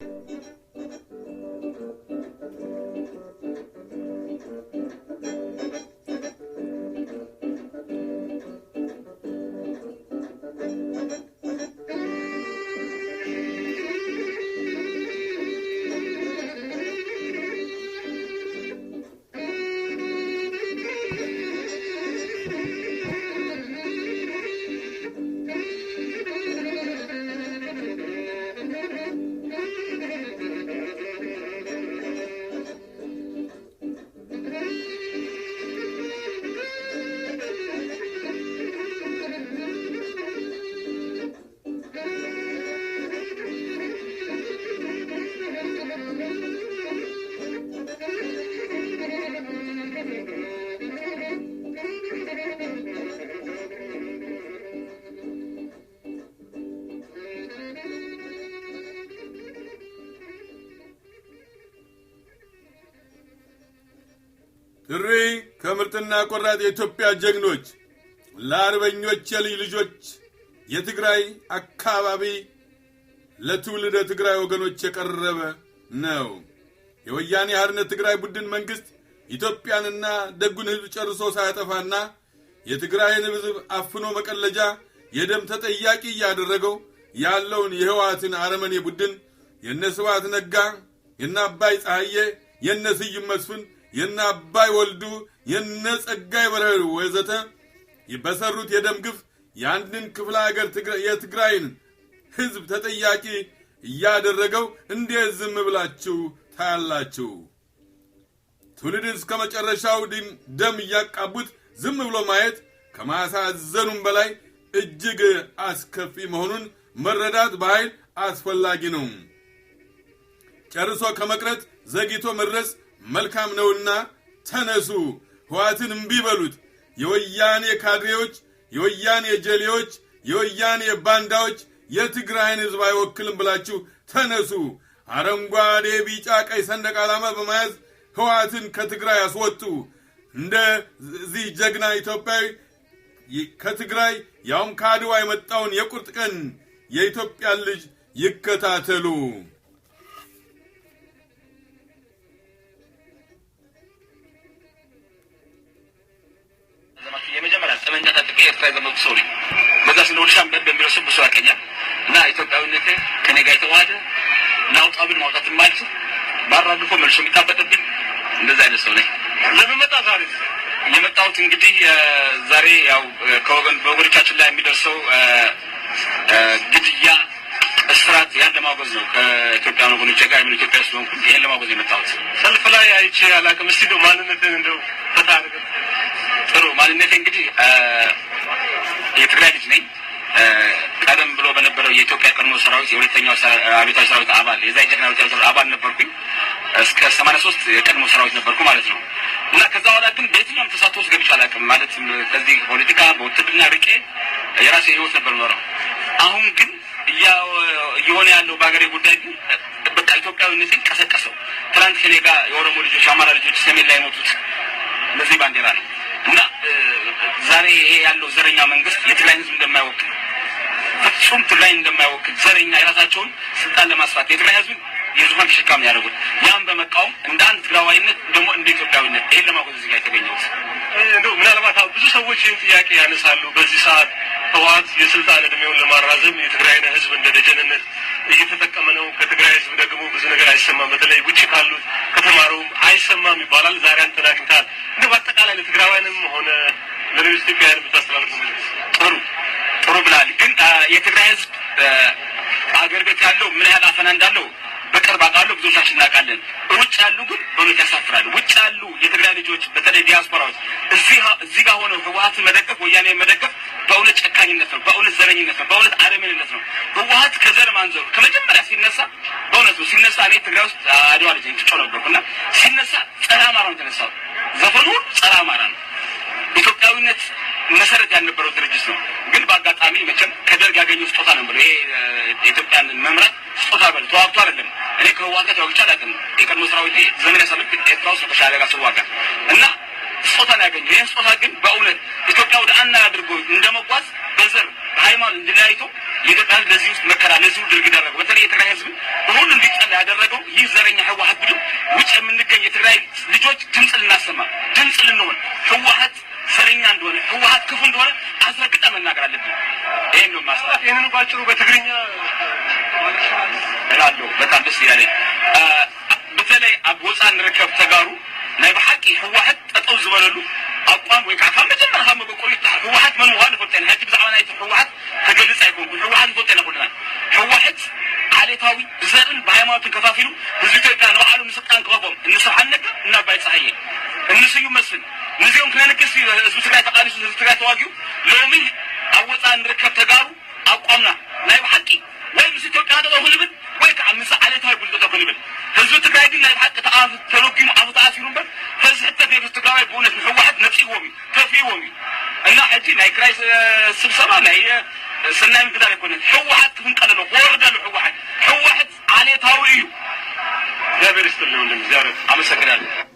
Thank you. ጥሪ ከምርጥና ቆራጥ የኢትዮጵያ ጀግኖች ለአርበኞች የልጅ ልጆች የትግራይ አካባቢ ለትውልደ ትግራይ ወገኖች የቀረበ ነው። የወያኔ ሓርነት ትግራይ ቡድን መንግስት ኢትዮጵያንና ደጉን ሕዝብ ጨርሶ ሳያጠፋና የትግራይን ሕዝብ አፍኖ መቀለጃ የደም ተጠያቂ እያደረገው ያለውን የህወሓትን አረመኔ ቡድን የነ ስብሃት ነጋ፣ የነ አባይ ፀሐዬ፣ የነ ስዩም መስፍን የነ አባይ ወልዱ የነ ጸጋይ በረሩ ወዘተ በሰሩት የደም ግፍ የአንድን ክፍለ ሀገር የትግራይን ህዝብ ተጠያቂ እያደረገው እንዴት ዝም ብላችሁ ታያላችሁ? ትውልድ እስከ መጨረሻው ደም እያቃቡት ዝም ብሎ ማየት ከማሳዘኑም በላይ እጅግ አስከፊ መሆኑን መረዳት በኃይል አስፈላጊ ነው። ጨርሶ ከመቅረት ዘግይቶ መድረስ መልካም ነውና ተነሱ፣ ህዋትን እምቢ በሉት። የወያኔ ካድሬዎች፣ የወያኔ ጀሌዎች፣ የወያኔ ባንዳዎች የትግራይን ህዝብ አይወክልም ብላችሁ ተነሱ። አረንጓዴ፣ ቢጫ፣ ቀይ ሰንደቅ ዓላማ በመያዝ ህዋትን ከትግራይ አስወጡ። እንደዚህ ጀግና ኢትዮጵያዊ ከትግራይ ያውም ከአድዋ የመጣውን የቁርጥ ቀን የኢትዮጵያን ልጅ ይከታተሉ። ኤርትራ የገመጡ ሰው ነኝ። በዛ ስለ ወደ ሻምበል በሚደርሰው ብሶ ያቀኛል እና ኢትዮጵያዊነት ከኔ ጋር የተዋሃደ ናውጣ ብን ማውጣት የማልችል ባራግፎ መልሶ የሚታበጥብኝ እንደዛ አይነት ሰው ነኝ። ለምመጣ መጣ ዛሬ? የመጣሁት እንግዲህ ዛሬ ያው ከወገን በወገኖቻችን ላይ የሚደርሰው ግድያ፣ እስራት ያን ለማውገዝ ነው። ከኢትዮጵያ ወገኖች ጋር የምን ኢትዮጵያ ስለሆንኩ ይህን ለማውገዝ የመጣሁት ሰልፍ ላይ አይቼ አላውቅም። እስቲ ማንነትን እንደው ፈታ ጥሩ ማንነት እንግዲህ የትግራይ ልጅ ነኝ። ቀደም ብሎ በነበረው የኢትዮጵያ ቀድሞ ሰራዊት የሁለተኛው አብዮታዊ ሰራዊት አባል የዛ ጀግና አብዮታዊ ሰራዊት አባል ነበርኩኝ እስከ ሰማንያ ሶስት የቀድሞ ሰራዊት ነበርኩ ማለት ነው። እና ከዛ በኋላ ግን በየትኛውም ተሳትፎ ውስጥ ገብቼ አላውቅም። ማለት ከዚህ ፖለቲካ በውትድርና ርቄ የራሴ ህይወት ነበር ኖረው። አሁን ግን እየሆነ ያለው በሀገሬ ጉዳይ ግን በቃ ኢትዮጵያዊነትን ቀሰቀሰው። ትናንት ከኔ ጋር የኦሮሞ ልጆች፣ አማራ ልጆች ሰሜን ላይ ሞቱት እነዚህ ባንዲራ ነው እና ዛሬ ይሄ ያለው ዘረኛ መንግስት የትግራይን ህዝብ እንደማይወክል ፍጹም ትግራይ እንደማይወክል ዘረኛ የራሳቸውን ስልጣን ለማስፋት የትግራይ ህዝብ የዙፋን ተሸካሚ ያደረጉት ያን በመቃወም እንደ አንድ ትግራዋይነት ደግሞ እንደ ኢትዮጵያዊነት ይሄን ለማጎዝ እዚህ የተገኘት የተገኘሁት። ምናልባት ብዙ ሰዎች ይህን ጥያቄ ያነሳሉ። በዚህ ሰዓት ህወሓት የስልጣን እድሜውን ለማራዘም የትግራይን ህዝብ እንደ ደጀንነት እየተጠቀመ ነው። ከትግራይ ህዝብ ደግሞ ብዙ ነገር አይሰማም። በተለይ ውጭ ካሉት ከተማረውም አይሰማም ይባላል። ዛሬ አንተን አግኝተሃል። እንደ በአጠቃላይ ለትግራዋይንም ሆነ ለሌሎች ኢትዮጵያ ህዝብ ታስተላልፉ ጥሩ ጥሩ ብላል። ግን የትግራይ ህዝብ አገር ቤት ያለው ምን ያህል አፈና እንዳለው በቅርብ አውቃለሁ፣ ብዙዎቻችን እናውቃለን። ውጭ ያሉ ግን በእውነት ያሳፍራል። ውጭ ያሉ የትግራይ ልጆች በተለይ ዲያስፖራዎች እዚህ ጋር ሆነው ህወሀትን መደገፍ፣ ወያኔ መደገፍ በእውነት ጨካኝነት ነው፣ በእውነት ዘረኝነት ነው፣ በእውነት አለምንነት ነው። ህወሀት ከዘር ማንዘሩ ከመጀመሪያ ሲነሳ በእውነት ነው ሲነሳ፣ እኔ ትግራይ ውስጥ አድዋ ልጅ ጮ ነበርኩና ሲነሳ ጸረ አማራ ነው የተነሳው። ዘፈኑ ጸረ አማራ ነው። ኢትዮጵያዊነት መሰረት ያልነበረው ድርጅት ነው። ግን በአጋጣሚ መቼም ከደርግ ያገኙ ስጦታ ነው ብለው ይሄ ኢትዮጵያን መምራት ስጦታ በል ተዋግቶ አይደለም። እኔ ከህወሓት ጋር ተዋግቼ አላውቅም። የቀድሞ ሰራዊት ዘመን ያሳልፍ ኤርትራ ውስጥ በሻዕቢያ ጋር ስዋጋ እና ስጦታ ነው ያገኘው። ይህን ስጦታ ግን በእውነት ኢትዮጵያ ወደ አንድ አድርጎ እንደመጓዝ በዘር በሃይማኖት እንድለያይቶ የኢትዮጵያ ህዝብ ለዚህ ውስጥ መከራ ለዚህ ድርግ ደረገው። በተለይ የትግራይ ህዝብ በሁሉ እንዲጠላ ያደረገው ይህ ዘረኛ ህወሀት ቡድን ውጭ የምንገኝ የትግራይ ልጆች ድምፅ ልናሰማ ድምፅ ልንሆን ህወሀት ዘረኛ እንደሆነ ህወሀት ክፉ እንደሆነ አስረግጠን መናገር አለብን። ይህን ነው ማስራት። ይህንን ባጭሩ በትግርኛ እላለሁ። በጣም ደስ እያለኝ በተለይ ኣብ ወፃእ ንርከብ ተጋሩ ናይ ብሓቂ ህወሓት ጠጠው ዝበለሉ ኣቋም ወይ ከዓ ካብ መጀመርያ ካብ መበቆሉ ህወሓት መን ምኳኑ ይፈልጠና ሕጂ ብዛዕባ ናይቲ ህወሓት ተገልፅ ኣይኮንኩን ህወሓት ይፈልጠና ኩልና ህወሓት ዓሌታዊ ዘርን ብሃይማኖትን ከፋፊሉ ህዝቢ ኢትዮጵያ ንባዕሉ ምስልጣን ክረቦም እንስብሓነት እናባይ ፀሓየ እንስዩ መስል نزيهم كنا نكسي سوسكا تقاري سوسكا تواجيو لومي أوت عن ركب تجارو أو قمنا لا يحكي وين مسي تلقى هذا هو لبن وين كان مسا على تاي بقول تلقى لبن هزو تلقى دين لا يحك تعرف تلقي ما أوت عن سيرومبر هز حتى في تلقى هاي بونس واحد نفسي وامي كفي وامي أنا عادي ناي كرايس سبسمة ناي سنام بدار يكون هو واحد من قلنا ورد هو واحد هو واحد عليه تاويو يا بريستر اليوم زيارة عم